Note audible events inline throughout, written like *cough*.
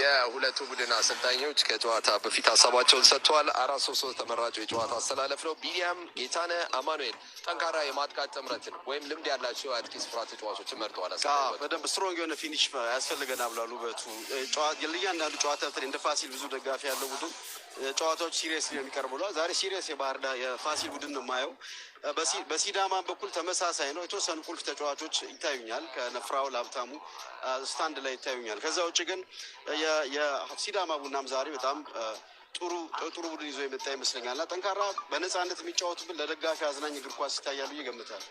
የሁለቱ ቡድን አሰልጣኞች ከጨዋታ በፊት ሀሳባቸውን ሰጥተዋል። አራት ሶስት ሶስት ተመራጩ የጨዋታ አስተላለፍ ነው። ቢኒያም ጌታነ፣ አማኑኤል ጠንካራ የማጥቃት ጥምረትን ወይም ልምድ ያላቸው የአጥቂ ስፍራ ተጫዋቾችን መርጠዋል። በደንብ ስትሮንግ የሆነ ፊኒሽ ያስፈልገናል ብላሉ። በቱ ለእያንዳንዱ ጨዋታ እንደ ፋሲል ብዙ ደጋፊ ያለው ቡድን ጨዋታዎች ሲሪየስ ነው የሚቀርቡ ብሏል። ዛሬ ሲሪየስ የባህር ዳር የፋሲል ቡድን ነው የማየው። በሲዳማ በኩል ተመሳሳይ ነው። የተወሰኑ ቁልፍ ተጫዋቾች ይታዩኛል። ከነፍራው ላብታሙ ስታንድ ላይ ይታዩኛል። ከዛ ውጭ ግን የሲዳማ ቡናም ዛሬ በጣም ጥሩ ጥሩ ቡድን ይዞ የመጣ ይመስለኛል እና ጠንካራ በነፃነት የሚጫወቱብን ለደጋፊ አዝናኝ እግር ኳስ ይታያሉ ይገምታል።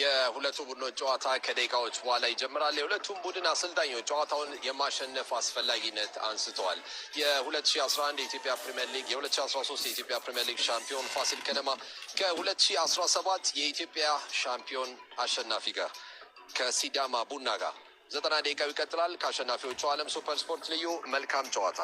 የሁለቱ ቡድኖች ጨዋታ ከደቂቃዎች በኋላ ይጀምራል። የሁለቱም ቡድን አሰልጣኞች ጨዋታውን የማሸነፍ አስፈላጊነት አንስተዋል። የ2011 የኢትዮጵያ ፕሪምየር ሊግ የ2013 የኢትዮጵያ ፕሪምየር ሊግ ሻምፒዮን ፋሲል ከነማ ከ2017 የኢትዮጵያ ሻምፒዮን አሸናፊ ጋር ከሲዳማ ቡና ጋር ዘጠና ደቂቃው ይቀጥላል። ከአሸናፊዎቹ ዓለም ሱፐር ስፖርት ልዩ መልካም ጨዋታ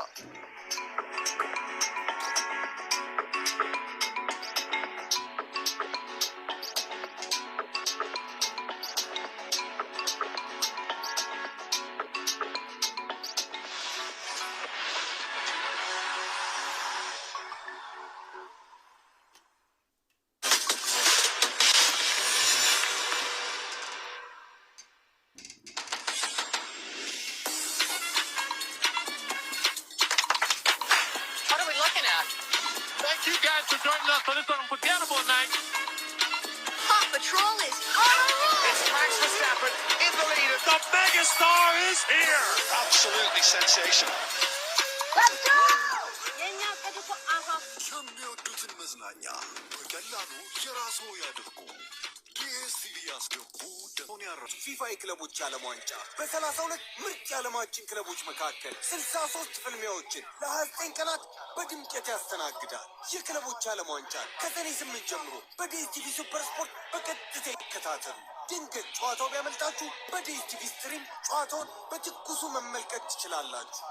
ዓለም ዋንጫ በሰላሳ ሁለት ምርጥ የዓለማችን ክለቦች መካከል ስልሳ ሶስት ፍልሚያዎችን ለሀያ ዘጠኝ ቀናት በድምቀት ያስተናግዳል። የክለቦች ዓለም ዋንጫ ከሰኔ ስምንት ጀምሮ በዲኤስቲቪ ሱፐር ስፖርት በቀጥታ ይከታተሉ። ድንገት ጨዋታው ቢያመልጣችሁ በዲኤስቲቪ ስትሪም ጨዋታውን በትኩሱ መመልከት ትችላላችሁ።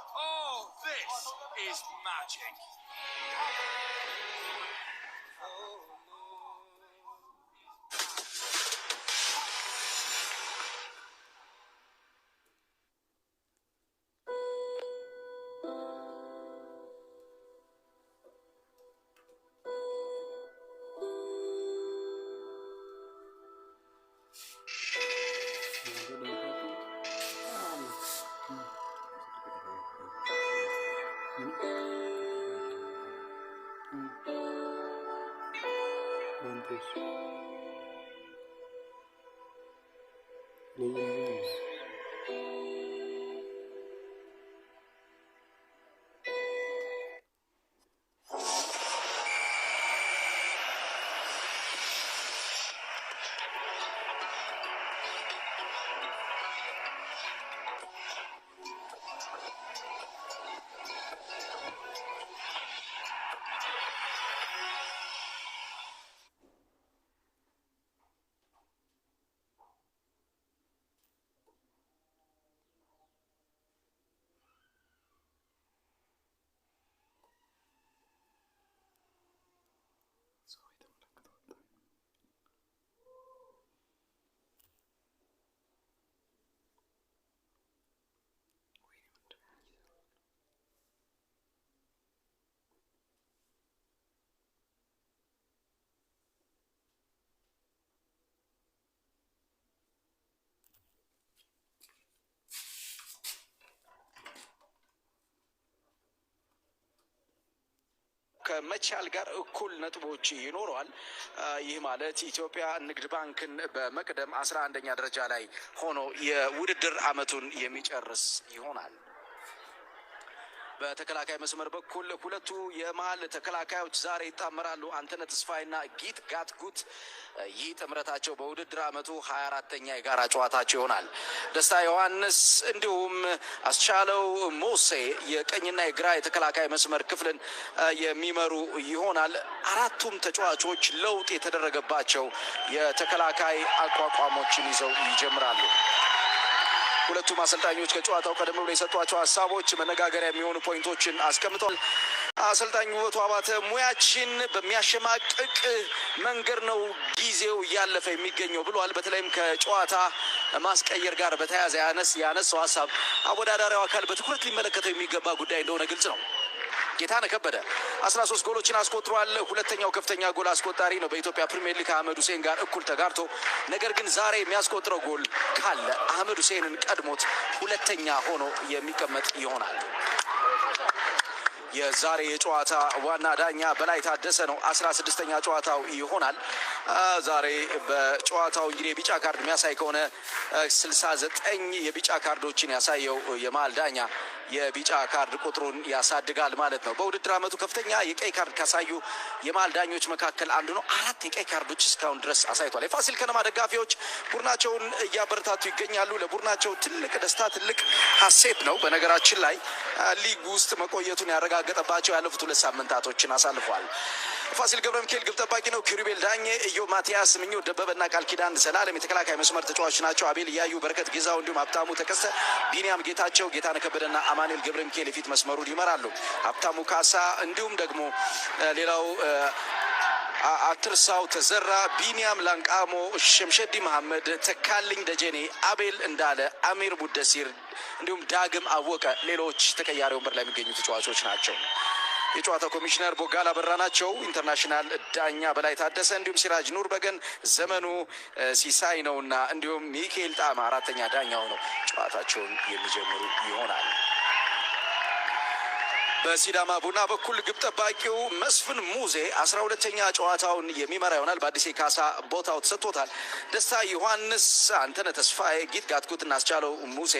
No Niña, ከመቻል ጋር እኩል ነጥቦች ይኖረዋል። ይህ ማለት ኢትዮጵያ ንግድ ባንክን በመቅደም አስራ አንደኛ ደረጃ ላይ ሆኖ የውድድር ዓመቱን የሚጨርስ ይሆናል። በተከላካይ መስመር በኩል ሁለቱ የመሀል ተከላካዮች ዛሬ ይጣመራሉ። አንተነህ ተስፋዬና ጊት ጋትጉት። ይህ ጥምረታቸው በውድድር አመቱ 24 አራተኛ የጋራ ጨዋታቸው ይሆናል። ደስታ ዮሐንስ እንዲሁም አስቻለው ሞሴ የቀኝና የግራ የተከላካይ መስመር ክፍልን የሚመሩ ይሆናል። አራቱም ተጫዋቾች ለውጥ የተደረገባቸው የተከላካይ አቋቋሞችን ይዘው ይጀምራሉ። ሁለቱም አሰልጣኞች ከጨዋታው ቀደም ብሎ የሰጧቸው ሀሳቦች መነጋገሪያ የሚሆኑ ፖይንቶችን አስቀምጠዋል። አሰልጣኝ ውበቱ አባተ ሙያችን በሚያሸማቅቅ መንገድ ነው ጊዜው እያለፈ የሚገኘው ብሏል። በተለይም ከጨዋታ ማስቀየር ጋር በተያያዘ ያነስ ያነሰው ሀሳብ አወዳዳሪው አካል በትኩረት ሊመለከተው የሚገባ ጉዳይ እንደሆነ ግልጽ ነው። ጌታነህ ከበደ 13 ጎሎችን አስቆጥሯል። ሁለተኛው ከፍተኛ ጎል አስቆጣሪ ነው። በኢትዮጵያ ፕሪምየር ሊግ ከአህመድ ሁሴን ጋር እኩል ተጋርቶ፣ ነገር ግን ዛሬ የሚያስቆጥረው ጎል ካለ አህመድ ሁሴንን ቀድሞት ሁለተኛ ሆኖ የሚቀመጥ ይሆናል። የዛሬ የጨዋታ ዋና ዳኛ በላይ ታደሰ ነው። አስራ ስድስተኛ ጨዋታው ይሆናል። ዛሬ በጨዋታው እንግዲህ የቢጫ ካርድ የሚያሳይ ከሆነ ስልሳ ዘጠኝ የቢጫ ካርዶችን ያሳየው የመሀል ዳኛ የቢጫ ካርድ ቁጥሩን ያሳድጋል ማለት ነው። በውድድር ዓመቱ ከፍተኛ የቀይ ካርድ ካሳዩ የመሀል ዳኞች መካከል አንዱ ነው። አራት የቀይ ካርዶች እስካሁን ድረስ አሳይቷል። የፋሲል ከነማ ደጋፊዎች ቡድናቸውን እያበረታቱ ይገኛሉ። ለቡድናቸው ትልቅ ደስታ፣ ትልቅ ሀሴት ነው። በነገራችን ላይ ሊግ ውስጥ መቆየቱን ያረጋገጠባቸው ያለፉት ሁለት ሳምንታቶችን አሳልፏል። ፋሲል ገብረ ሚካኤል ግብ ጠባቂ ነው። ኪሩቤል ዳኜ፣ እዮ ማቲያስ፣ ደበበ ደበበና ቃል ኪዳን ዘላለም የተከላካይ መስመር ተጫዋቾች ናቸው። አቤል እያዩ፣ በረከት ጌዛው እንዲሁም ሀብታሙ ተከስተ፣ ቢኒያም ጌታቸው፣ ጌታነህ ከበደና አማ አማኑኤል ገብረ ሚካኤል የፊት መስመሩን ይመራሉ። ሀብታሙ ካሳ እንዲሁም ደግሞ ሌላው አትርሳው ተዘራ፣ ቢኒያም ላንቃሞ፣ ሸምሸዲ መሐመድ፣ ተካልኝ ደጀኔ፣ አቤል እንዳለ፣ አሚር ቡደሲር እንዲሁም ዳግም አወቀ ሌሎች ተቀያሪ ወንበር ላይ የሚገኙ ተጫዋቾች ናቸው። የጨዋታ ኮሚሽነር ቦጋላ በራ ናቸው። ኢንተርናሽናል ዳኛ በላይ ታደሰ እንዲሁም ሲራጅ ኑር በገን ዘመኑ ሲሳይ ነውና እንዲሁም ሚካኤል ጣማ አራተኛ ዳኛው ነው ጨዋታቸውን የሚጀምሩ ይሆናል። በሲዳማ ቡና በኩል ግብ ጠባቂው መስፍን ሙዜ አስራ ሁለተኛ ጨዋታውን የሚመራ ይሆናል። በአዲስ ካሳ ቦታው ተሰጥቶታል። ደስታ ዮሐንስ፣ አንተነ ተስፋዬ፣ ጊት ጋትኩት፣ እናስቻለው ሙሴ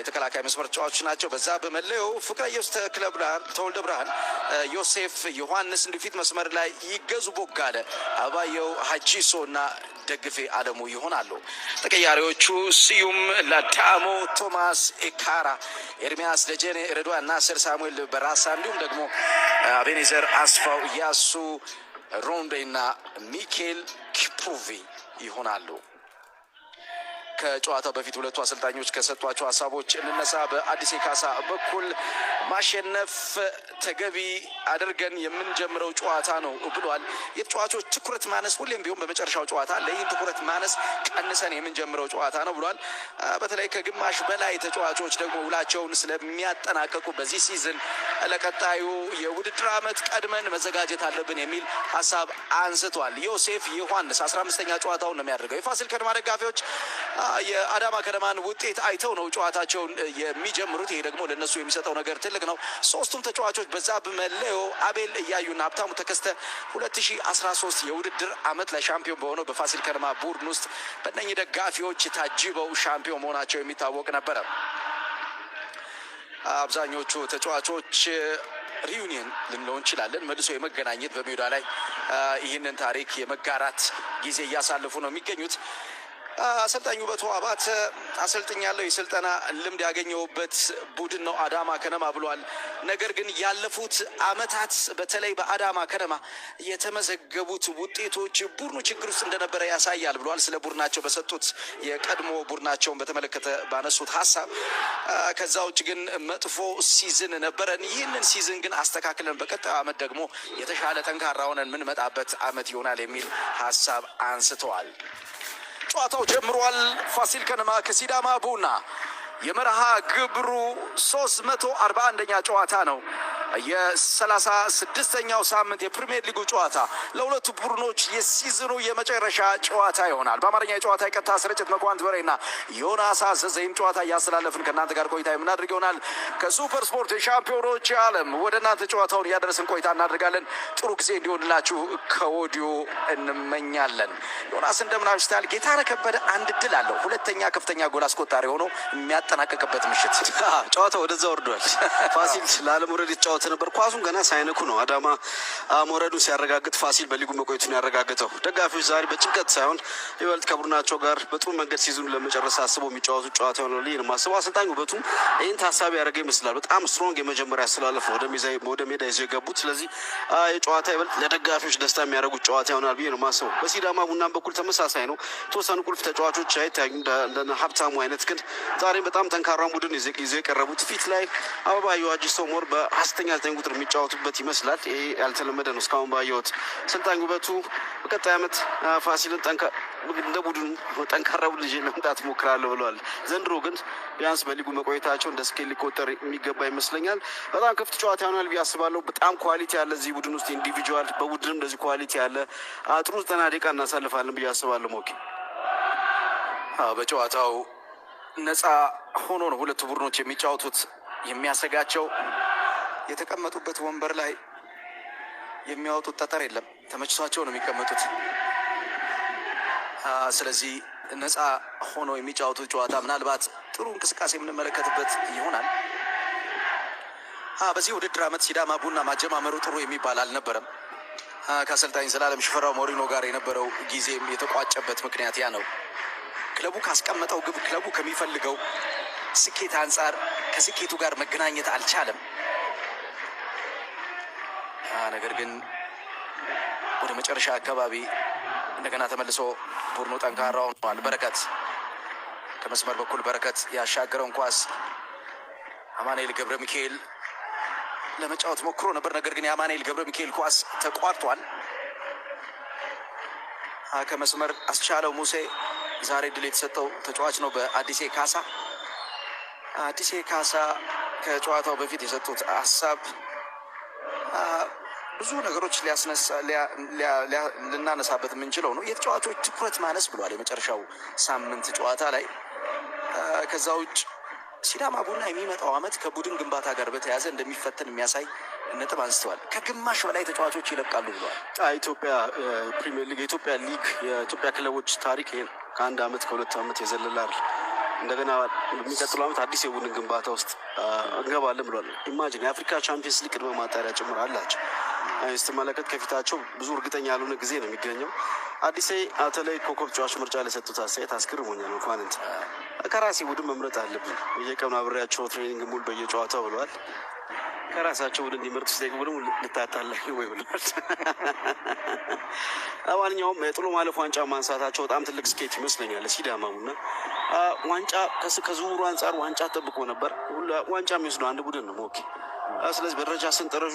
የተከላካይ መስመር ተጫዋቾች ናቸው። በዛ በመለዮ ፍቅረ ኢየሱስ ተክለ ብርሃን፣ ተወልደ ብርሃን፣ ዮሴፍ ዮሐንስ እንዲፊት መስመር ላይ ይገዙ ቦጋለ፣ አባየው ሀቺሶ እና ደግፌ አለሙ ይሆናሉ። ተቀያሪዎቹ ስዩም ለዳሞ፣ ቶማስ ኤካራ፣ ኤርሚያስ ደጀኔ፣ ረድዋን ናስር፣ ሳሙኤል በራሳ እንዲሁም ደግሞ አቤኔዘር አስፋው፣ እያሱ ሮንዴ እና ሚኬል ኪፕሩቪ ይሆናሉ። ከጨዋታው በፊት ሁለቱ አሰልጣኞች ከሰጧቸው ሀሳቦች እንነሳ። በአዲስ ካሳ በኩል ማሸነፍ ተገቢ አድርገን የምንጀምረው ጨዋታ ነው ብሏል። የተጫዋቾች ትኩረት ማነስ ሁሌም ቢሆን በመጨረሻው ጨዋታ ይህን ትኩረት ማነስ ቀንሰን የምንጀምረው ጨዋታ ነው ብሏል። በተለይ ከግማሽ በላይ ተጫዋቾች ደግሞ ውላቸውን ስለሚያጠናቀቁ በዚህ ሲዝን ለቀጣዩ የውድድር ዓመት ቀድመን መዘጋጀት አለብን የሚል ሀሳብ አንስቷል። ዮሴፍ ዮሐንስ አስራ አምስተኛ ጨዋታውን ነው የሚያደርገው። የፋሲል ከነማ ደጋፊዎች የአዳማ ከነማን ውጤት አይተው ነው ጨዋታቸውን የሚጀምሩት። ይሄ ደግሞ ለእነሱ የሚሰጠው ነገር ትልቅ ነው። ሶስቱም ተጫዋቾች በዛ መለዮ፣ አቤል እያዩና ሀብታሙ ተከስተ 2013 የውድድር ዓመት ላይ ሻምፒዮን በሆነው በፋሲል ከነማ ቡድን ውስጥ በነኝ ደጋፊዎች ታጅበው ሻምፒዮን መሆናቸው የሚታወቅ ነበረ። አብዛኞቹ ተጫዋቾች ሪዩኒየን ልንለው እንችላለን። መልሶ የመገናኘት በሜዳ ላይ ይህንን ታሪክ የመጋራት ጊዜ እያሳለፉ ነው የሚገኙት። አሰልጣኝ ውበቱ አባተ አሰልጥኛለሁ፣ የስልጠና ልምድ ያገኘውበት ቡድን ነው አዳማ ከነማ ብሏል። ነገር ግን ያለፉት አመታት በተለይ በአዳማ ከነማ የተመዘገቡት ውጤቶች ቡድኑ ችግር ውስጥ እንደነበረ ያሳያል ብሏል። ስለ ቡድናቸው በሰጡት የቀድሞ ቡድናቸውን በተመለከተ ባነሱት ሀሳብ ከዛ ውጭ ግን መጥፎ ሲዝን ነበረን። ይህንን ሲዝን ግን አስተካክለን በቀጣዩ ዓመት ደግሞ የተሻለ ጠንካራ ሆነን ምንመጣበት አመት ይሆናል የሚል ሀሳብ አንስተዋል። ጨዋታው ጀምሯል። ፋሲል ከነማ ከሲዳማ ቡና የመርሃ ግብሩ 341ኛ ጨዋታ ነው። የሰላሳ ስድስተኛው ሳምንት የፕሪምየር ሊጉ ጨዋታ ለሁለቱ ቡድኖች የሲዝኑ የመጨረሻ ጨዋታ ይሆናል። በአማርኛ የጨዋታ የቀጥታ ስርጭት መኳንት በሬና ዮናስ አዘዘይም ጨዋታ እያስተላለፍን ከእናንተ ጋር ቆይታ የምናደርግ ይሆናል። ከሱፐር ስፖርት የሻምፒዮኖች ዓለም ወደ እናንተ ጨዋታውን እያደረስን ቆይታ እናደርጋለን። ጥሩ ጊዜ እንዲሆንላችሁ ከወዲሁ እንመኛለን። ዮናስ እንደምናምሽታል። ጌታነህ ከበደ አንድ ድል አለው። ሁለተኛ ከፍተኛ ጎል አስቆጣሪ ሆኖ የሚያጠናቀቅበት ምሽት ጨዋታ ወደዛ ወርዷል። ፋሲል ለአለም ወረድ አጫውት ነበር። ኳሱን ገና ሳይነኩ ነው አዳማ መውረዱን ሲያረጋግጥ ፋሲል በሊጉ መቆየቱን ያረጋግጠው ደጋፊዎች ዛሬ በጭንቀት ሳይሆን ይበልጥ ከቡድናቸው ጋር በጥሩ መንገድ ሲዝኑ ለመጨረስ አስበው የሚጫወቱ ጨዋታ ይሆናል ነው አሰልጣኝ ውበቱም ይህን ታሳቢ ያደረገ ይመስላል። በጣም ስትሮንግ የመጀመሪያ አስተላለፍ ወደ ሜዳ ይዘው የገቡት። ስለዚህ የጨዋታ ይበልጥ ለደጋፊዎች ደስታ የሚያደርጉት ጨዋታ ይሆናል ብዬ ነው ማስበው። በሲዳማ ቡናን በኩል ተመሳሳይ ነው። የተወሰኑ ቁልፍ ተጫዋቾች አይታዩ እንደ ሀብታሙ አይነት ግን ዛሬም በጣም ጠንካራ ቡድን ይዘው የቀረቡት ፊት ላይ አበባ የዋጅ ሰው ሞር በአስተኛ ያልተኝ ቁጥር የሚጫወቱበት ይመስላል። ይሄ ያልተለመደ ነው እስካሁን ባየሁት። አሰልጣኝ ውበቱ በቀጣይ ዓመት ፋሲልን እንደ ቡድን ጠንካራው ልጅ ለመምጣት ሞክራለሁ ብለዋል። ዘንድሮ ግን ቢያንስ በሊጉ መቆየታቸው እንደ ስኬል ሊቆጠር የሚገባ ይመስለኛል። በጣም ክፍት ጨዋታ ይሆናል ብዬ አስባለሁ። በጣም ኳሊቲ ያለ እዚህ ቡድን ውስጥ ኢንዲቪጁዋል፣ በቡድንም እንደዚህ ኳሊቲ ያለ አጥሩ ዘጠና ደቂቃ እናሳልፋለን ብዬ አስባለሁ። ሞኪ በጨዋታው ነፃ ሆኖ ነው ሁለቱ ቡድኖች የሚጫወቱት የሚያሰጋቸው የተቀመጡበት ወንበር ላይ የሚያወጡት ጠጠር የለም። ተመችቷቸው ነው የሚቀመጡት። ስለዚህ ነፃ ሆኖ የሚጫወቱት ጨዋታ ምናልባት ጥሩ እንቅስቃሴ የምንመለከትበት ይሆናል። በዚህ ውድድር ዓመት ሲዳማ ቡና ማጀማመሩ ጥሩ የሚባል አልነበረም። ከአሰልጣኝ ዘላለም ሽፈራው ሞሪኖ ጋር የነበረው ጊዜም የተቋጨበት ምክንያት ያ ነው። ክለቡ ካስቀመጠው ግብ፣ ክለቡ ከሚፈልገው ስኬት አንጻር ከስኬቱ ጋር መገናኘት አልቻለም። ነገር ግን ወደ መጨረሻ አካባቢ እንደገና ተመልሶ ቡድኑ ጠንካራ ሆኗል። በረከት ከመስመር በኩል በረከት ያሻገረውን ኳስ አማኑኤል ገብረ ሚካኤል ለመጫወት ሞክሮ ነበር። ነገር ግን የአማኑኤል ገብረ ሚካኤል ኳስ ተቋርጧል። ከመስመር አስቻለው ሙሴ ዛሬ ድል የተሰጠው ተጫዋች ነው። በአዲሴ ካሳ አዲሴ ካሳ ከጨዋታው በፊት የሰጡት ሀሳብ ብዙ ነገሮች ልናነሳበት የምንችለው ነው። የተጫዋቾች ትኩረት ማነስ ብሏል የመጨረሻው ሳምንት ጨዋታ ላይ። ከዛ ውጭ ሲዳማ ቡና የሚመጣው ዓመት ከቡድን ግንባታ ጋር በተያያዘ እንደሚፈተን የሚያሳይ ነጥብ አንስተዋል። ከግማሽ በላይ ተጫዋቾች ይለቃሉ ብለዋል። ኢትዮጵያ ፕሪሚየር ሊግ የኢትዮጵያ ሊግ የኢትዮጵያ ክለቦች ታሪክ ይሄ ከአንድ ዓመት ከሁለት ዓመት የዘለላል። እንደገና በሚቀጥሉ ዓመት አዲስ የቡድን ግንባታ ውስጥ እንገባለን ብሏል። ኢማጂን የአፍሪካ ቻምፒየንስ ሊግ ቅድመ ማጣሪያ ጭምር አላቸው። ስትመለከት ከፊታቸው ብዙ እርግጠኛ ያልሆነ ጊዜ ነው የሚገኘው። አዲስ በተለይ ኮከብ ተጫዋች ምርጫ ላይ ሰጡት አስተያየት አስገርሞኛል። እንኳን እንትን ከራሴ ቡድን መምረጥ አለብን፣ በየቀኑ አብሬያቸው ትሬኒንግ ሙል በየጨዋታው ብለዋል። ከራሳቸው ቡድን እንዲመርጡ ሲጠይቁ ደግሞ ልታታለህ ወይ ብለዋል። ለማንኛውም የጥሎ ማለፍ ዋንጫ ማንሳታቸው በጣም ትልቅ ስኬት ይመስለኛል። ሲዳማ ቡና ዋንጫ ከዝውውሩ አንጻር ዋንጫ ጠብቆ ነበር። ዋንጫ የሚወስደው አንድ ቡድን ነው። ኦኬ። ስለዚህ በደረጃ ስንጠረዡ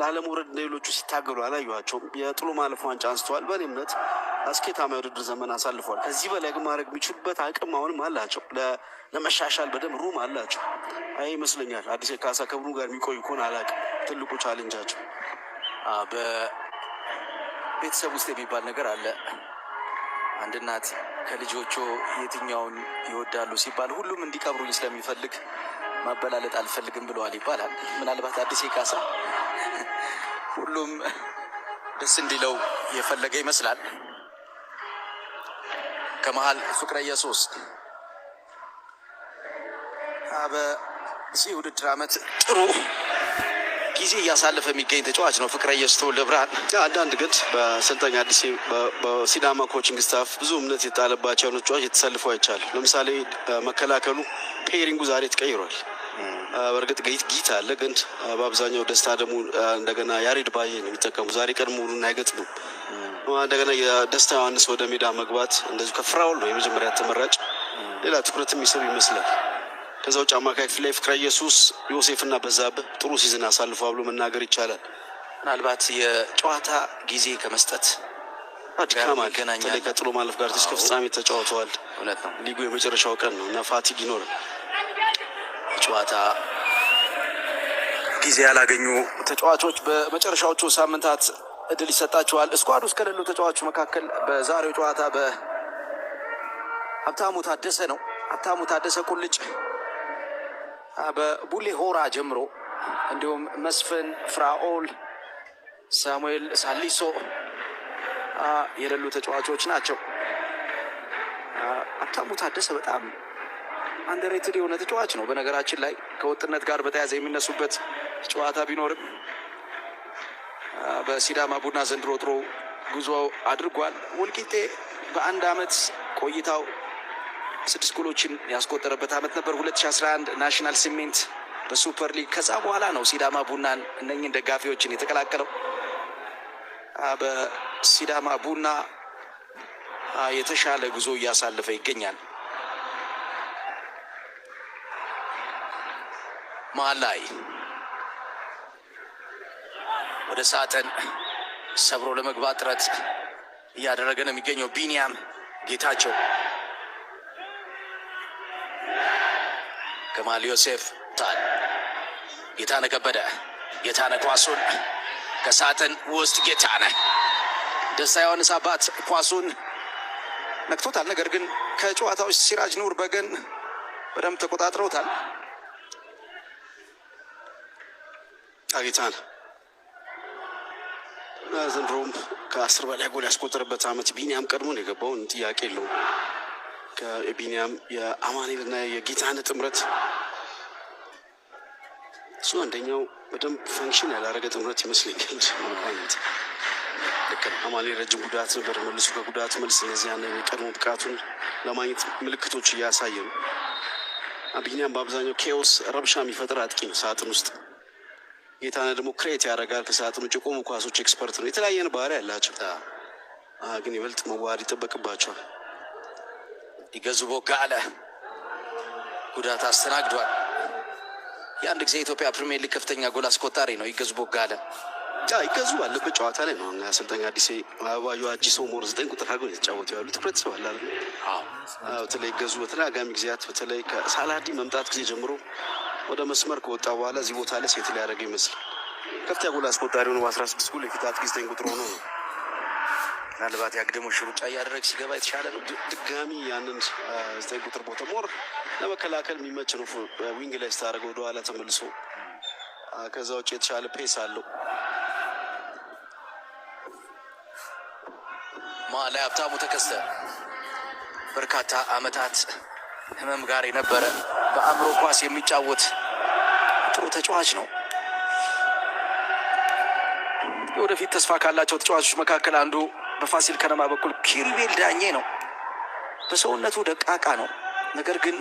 ላለመውረድ እንደ ሌሎቹ ሲታገሉ አላየኋቸውም። የጥሎ ማለፍ ዋንጫ አንስተዋል። በእኔ እምነት አስኬታማ የውድድር ዘመን አሳልፏል። ከዚህ በላይ ግን ማድረግ የሚችሉበት አቅም አሁንም አላቸው። ለመሻሻል በደንብ ሩም አላቸው። አይ ይመስለኛል አዲስ ካሳ ከብሩ ጋር የሚቆዩ ከሆነ አላቅም። ትልቁ ቻሌንጃቸው በቤተሰብ ውስጥ የሚባል ነገር አለ። አንድ እናት ከልጆቹ የትኛውን ይወዳሉ ሲባል ሁሉም እንዲቀብሩኝ ስለሚፈልግ ማበላለጥ አልፈልግም ብለዋል ይባላል። ምናልባት አዲስ ካሳ ሁሉም ደስ እንዲለው የፈለገ ይመስላል። ከመሃል ፍቅረ ኢየሱስ በዚህ ውድድር ዓመት ጥሩ ጊዜ እያሳለፈ የሚገኝ ተጫዋች ነው። ፍቅረ ኢየሱስ ተወልደ ብርሃን አንዳንድ ግድ በአሰልጣኝ አዲስ በሲዳማ ኮችንግ ስታፍ ብዙ እምነት የጣለባቸው ተጫዋች የተሰልፈው አይቻልም። ለምሳሌ መከላከሉ ፔሪንጉ ዛሬ ተቀይሯል። በእርግጥ ጊት አለ፣ ግን በአብዛኛው ደስታ ደግሞ እንደገና ያሬድ ባዬ ነው የሚጠቀሙ። ዛሬ ቀን ሙሉን አይገጥሙም። እንደገና የደስታ ዮሐንስ ወደ ሜዳ መግባት እንደዚሁ ከፍራውል ነው የመጀመሪያ ተመራጭ፣ ሌላ ትኩረት የሚስብ ይመስላል። ከዛ ውጭ አማካይ ክፍል ላይ ፍቅረ ኢየሱስ፣ ዮሴፍና በዛብህ ጥሩ ሲዝን አሳልፎ ብሎ መናገር ይቻላል። ምናልባት የጨዋታ ጊዜ ከመስጠት ከጥሎ ማለፍ ጋር ትሽ ከፍጻሜ ተጫውተዋል። ሊጉ የመጨረሻው ቀን ነው እና ፋቲግ ይኖራል። ጨዋታ ጊዜ ያላገኙ ተጫዋቾች በመጨረሻዎቹ ሳምንታት እድል ይሰጣቸዋል። እስኳድ ውስጥ ከሌሉ ተጫዋቾች መካከል በዛሬው ጨዋታ በሀብታሙ ታደሰ ነው። ሀብታሙ ታደሰ ቁልጭ በቡሌ ሆራ ጀምሮ እንዲሁም መስፍን ፍራኦል፣ ሳሙኤል ሳሊሶ የሌሉ ተጫዋቾች ናቸው። ሀብታሙ ታደሰ በጣም አንደሬትድ የሆነ ተጫዋች ነው። በነገራችን ላይ ከወጥነት ጋር በተያያዘ የሚነሱበት ጨዋታ ቢኖርም በሲዳማ ቡና ዘንድሮ ጥሩ ጉዞ አድርጓል። ወልቂጤ በአንድ ዓመት ቆይታው ስድስት ጎሎችን ያስቆጠረበት ዓመት ነበር 2011 ናሽናል ሲሜንት በሱፐር ሊግ። ከዛ በኋላ ነው ሲዳማ ቡናን እነኝን ደጋፊዎችን የተቀላቀለው። በሲዳማ ቡና የተሻለ ጉዞ እያሳለፈ ይገኛል። መሀል ላይ ወደ ሳጥን ሰብሮ ለመግባት ጥረት እያደረገ ነው የሚገኘው ቢኒያም ጌታቸው። ከማል ዮሴፍ ታል ጌታነህ ከበደ ጌታነ ኳሱን ከሳጥን ውስጥ ጌታነ ደስታ ዮሐንስ አባት ኳሱን ነክቶታል። ነገር ግን ከጨዋታዎች ሲራጅ ኑር በገን በደንብ ተቆጣጥረውታል። አግኝታል። ዘንድሮም ከአስር በላይ ጎል ያስቆጠረበት አመት ቢኒያም ቀድሞ ነው የገባው፣ ጥያቄ የለውም። ከቢኒያም የአማኔልና የጌታነ ጥምረት እሱ አንደኛው በደንብ ፈንክሽን ያላረገ ጥምረት ይመስለኛል። አማኔል ረጅም ጉዳት ነበር፣ መልሱ ከጉዳት መልስ እነዚያ የቀድሞ ብቃቱን ለማግኘት ምልክቶች እያሳየ ነው። ቢኒያም በአብዛኛው ኬዎስ ረብሻ የሚፈጥር አጥቂ ነው ሳጥን ውስጥ ጌታነህ ደግሞ ክሬት ያደርጋል። ከሰዓት ውጭ ቆሙ ኳሶች ኤክስፐርት ነው። የተለያየን ባህሪ ያላቸው ግን ይበልጥ መዋሃድ ይጠበቅባቸዋል። ይገዙ ቦጋ አለ ጉዳት አስተናግዷል። የአንድ ጊዜ የኢትዮጵያ ፕሪሚየር ሊግ ከፍተኛ ጎል አስቆጣሪ ነው ይገዙ ቦጋ አለ። ይገዙ ባለበት ጨዋታ ላይ ነው አሰልጣኝ አዲሴ አበባ አጂ ሰው ሞር ዘጠኝ ቁጥር አድርገው የተጫወቱ ያሉ ትኩረት ሰው አለ። በተለይ ይገዙ በተለይ አጋሚ ጊዜያት በተለይ ከሳላዲ መምጣት ጊዜ ጀምሮ ወደ መስመር ከወጣ በኋላ እዚህ ቦታ ላይ ሴት ሊያደርግ ይመስላል። ከፍተኛ ጎል አስቆጣሪ ሆኖ በአስራ ስድስት ጎል የፊት አጥቂ ዘጠኝ ቁጥር ሆኖ ነው። ምናልባት ያግደሞሽ ሩጫ እያደረግ ሲገባ የተሻለ ነው። ድጋሚ ያንን ዘጠኝ ቁጥር ቦታ ሞር ለመከላከል የሚመች ነው። ዊንግ ላይ ስታደርገው ወደኋላ ተመልሶ ከዛ ውጭ የተሻለ ፔስ አለው። ማ ላይ ሀብታሙ ተከስተ በርካታ አመታት ህመም ጋር የነበረ በአእምሮ ኳስ የሚጫወት ጥሩ ተጫዋች ነው። የወደፊት ተስፋ ካላቸው ተጫዋቾች መካከል አንዱ በፋሲል ከነማ በኩል ኪሩቤል ዳኜ ነው። በሰውነቱ ደቃቃ ነው፣ ነገር ግን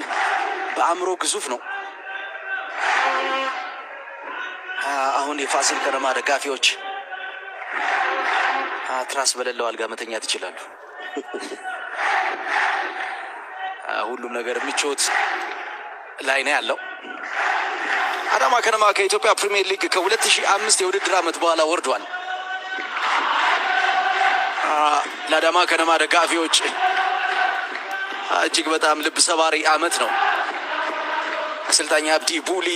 በአእምሮ ግዙፍ ነው። አሁን የፋሲል ከነማ ደጋፊዎች ትራስ በሌለው አልጋ መተኛት ይችላሉ። ሁሉም ነገር ምቾት ላይ ነው ያለው። አዳማ ከነማ ከኢትዮጵያ ፕሪሚየር ሊግ ከ2005 የውድድር ዓመት በኋላ ወርዷል። ለአዳማ ከነማ ደጋፊዎች እጅግ በጣም ልብ ሰባሪ ዓመት ነው። አሰልጣኝ አብዲ ቡሊ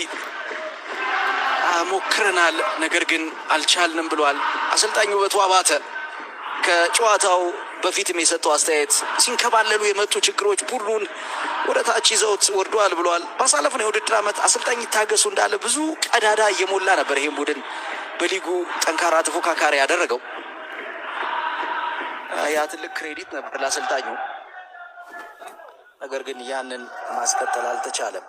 ሞክረናል፣ ነገር ግን አልቻልንም ብሏል። አሰልጣኝ ውበቱ አባተ ከጨዋታው በፊትም የሰጠው አስተያየት ሲንከባለሉ የመጡ ችግሮች ቡድኑን ወደ ታች ይዘውት ወርዷል ብሏል። ባሳለፍነው የውድድር ዓመት አሰልጣኝ ይታገሱ እንዳለ ብዙ ቀዳዳ እየሞላ ነበር ይህም ቡድን በሊጉ ጠንካራ ተፎካካሪ ያደረገው። ያ ትልቅ ክሬዲት ነበር ለአሰልጣኙ። ነገር ግን ያንን ማስቀጠል አልተቻለም።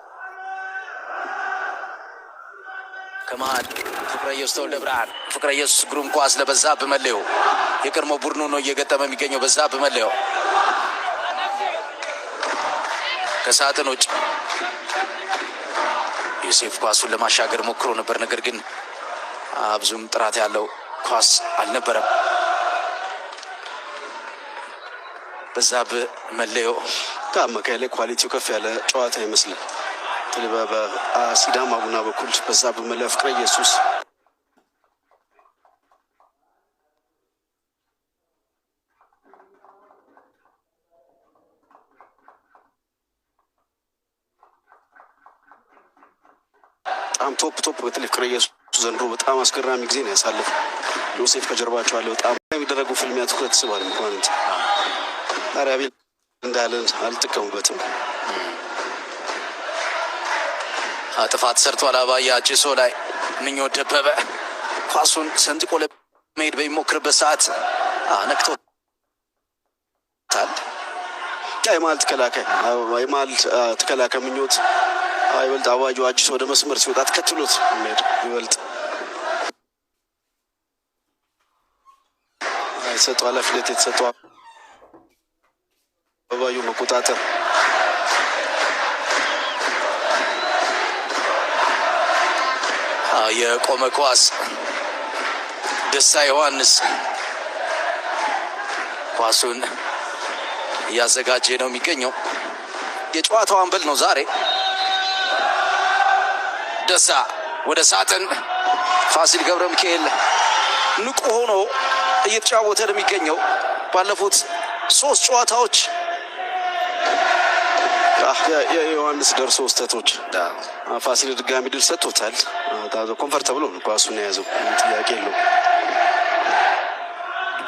ከመሀል ፍቅረ ኢየሱስ ተወልደ ብርሃን ፍቅረ ኢየሱስ ግሩም ኳስ ለበዛ ብመለዩ የቀድሞ ቡድኑ ነው እየገጠመ የሚገኘው። በዛ በመለያው ከሳጥን ውጭ ዮሴፍ ኳሱን ለማሻገር ሞክሮ ነበር፣ ነገር ግን ብዙም ጥራት ያለው ኳስ አልነበረም። በዛ በመለዮ ከአማካይ ላይ ኳሊቲው ከፍ ያለ ጨዋታ ይመስላል። ሲዳማ ቡና በኩል በዛ በመለያ ፍቅረ ኢየሱስ በጣም ቶፕ ቶፕ በተለይ ፍቅረ ኢየሱስ ዘንድሮ በጣም አስገራሚ ጊዜ ነው ያሳለፉ። ዮሴፍ ከጀርባቸው አለ። በጣም የሚደረጉ ፍልሚያ ትኩረት ስባል እንኳን አሪያቤል እንዳለን አልጠቀሙበትም። ጥፋት ሰርቷል። አባያ ጭሶ ላይ ምኞ ደበበ ኳሱን ሰንጥቆ ለመሄድ በሚሞክርበት ሰዓት ነክቶታል። የመሀል ተከላካይ የመሀል ተከላካይ ምኞት ይበልጥ አዋጁ አጭሶ ወደ መስመር ሲወጣ ተከትሎት የሚሄድ ይበልጥ የተሰጠው ኃላፊነት የተሰጠው አባዩ መቆጣጠር የቆመ ኳስ ደስታ ዮሐንስ ኳሱን እያዘጋጀ ነው የሚገኘው። የጨዋታው አንበል ነው ዛሬ። ደሳ ወደ ሳጥን ፋሲል ገብረ ሚካኤል ንቁ ሆኖ እየተጫወተ ነው የሚገኘው። ባለፉት ሶስት ጨዋታዎች የዮሐንስ ደርሶ ውስተቶች ፋሲል ድጋሚ ድል ሰጥቶታል። ኮንፈርተብሎ ነው ኳሱን የያዘው ጥያቄ የለው።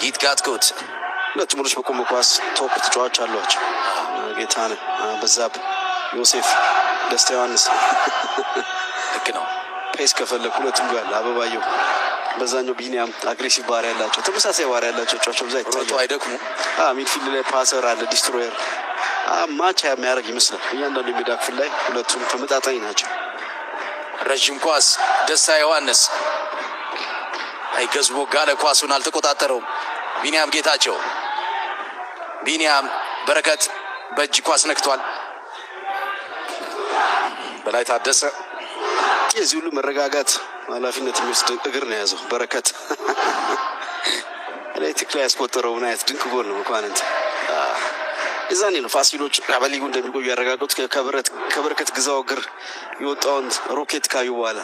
ጊት ጋትኮት ሁለት ሙሎች በቆመ ኳስ ቶፕ ተጫዋች አሏቸው። ጌታነህ በዛብ፣ ዮሴፍ ደስታ ዮሐንስ ልክ ነው። ፔስ ከፈለግ ሁለቱም ጋር አበባየሁ በዛኛው ቢኒያም አግሬሲቭ ባህሪ ያላቸው ተመሳሳይ ባህሪ ያላቸው ጫቸው ብዛ ይታያል። አይደክሙ ሚድፊልድ ላይ ፓሰር አለ፣ ዲስትሮየር ማቻ የሚያደርግ ይመስላል። እያንዳንዱ የሜዳ ክፍል ላይ ሁለቱም ተመጣጣኝ ናቸው። ረዥም ኳስ ደስታ ዮሐንስ አይገዝቦ ጋለ ኳሱን አልተቆጣጠረውም። ቢኒያም ጌታቸው ቢኒያም በረከት በእጅ ኳስ ነክቷል። በላይ ታደሰ የዚህ ሁሉ መረጋጋት ኃላፊነት የሚወስድ እግር ነው የያዘው። በረከት ኤሌክትሪክ *laughs* ላይ ያስቆጠረው ምን አይነት ድንቅ ጎል ነው! እንኳንንት እዛኔ ነው ፋሲሎች በሊጉ እንደሚቆዩ ያረጋገጡት። ከበረከት ግዛው እግር የወጣውን ሮኬት ካዩ በኋላ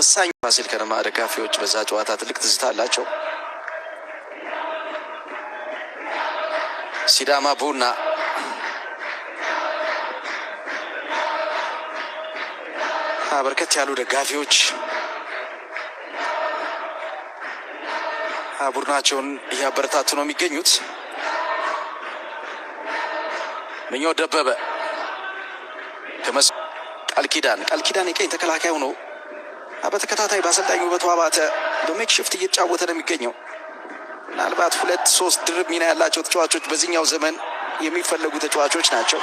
ወሳኝ ፋሲል ከነማ ደጋፊዎች በዛ ጨዋታ ትልቅ ትዝታ አላቸው። ሲዳማ ቡና በርከት ያሉ ደጋፊዎች ቡድናቸውን እያበረታቱ ነው የሚገኙት። ምኛው ደበበ ቃል ኪዳን ቃል ኪዳን የቀኝ ተከላካይ ሆኖ በተከታታይ በአሰልጣኝ ውበቱ አባተ በሜክ ሽፍት እየተጫወተ ነው የሚገኘው። ምናልባት ሁለት ሶስት ድርብ ሚና ያላቸው ተጫዋቾች በዚህኛው ዘመን የሚፈለጉ ተጫዋቾች ናቸው።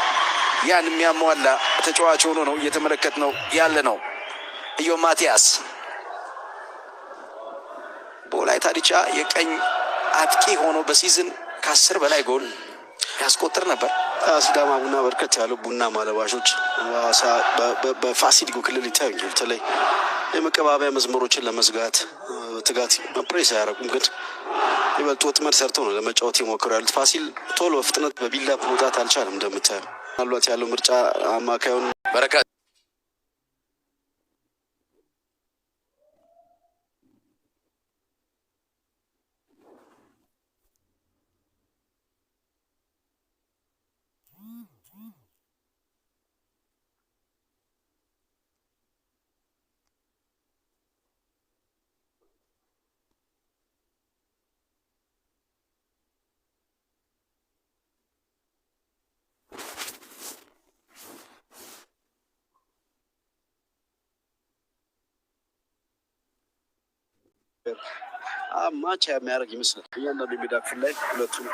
ያን የሚያሟላ ተጫዋች ሆኖ ነው እየተመለከት ነው ያለ ነው። እዮ ማቲያስ በወላይታ ዲቻ የቀኝ አጥቂ ሆኖ በሲዝን ከአስር በላይ ጎል ያስቆጥር ነበር። አስዳማ ቡና በርከት ያሉ ቡና ማለባሾች በፋሲል ክልል ይታዩኝ። በተለይ የመቀባበያ መስመሮችን ለመዝጋት ትጋት ፕሬስ አያረጉም፣ ግን ይበልጥ ወጥመድ ሰርተው ነው ለመጫወት የሞክሩ ያሉት። ፋሲል ቶሎ በፍጥነት በቢላ መውጣት አልቻለም እንደምታየው አሏት ያለው ምርጫ አማካዩን በረከት ማቻ የሚያደርግ ይመስላል። እያንዳንዱ የሜዳ ክፍል ላይ ሁለቱም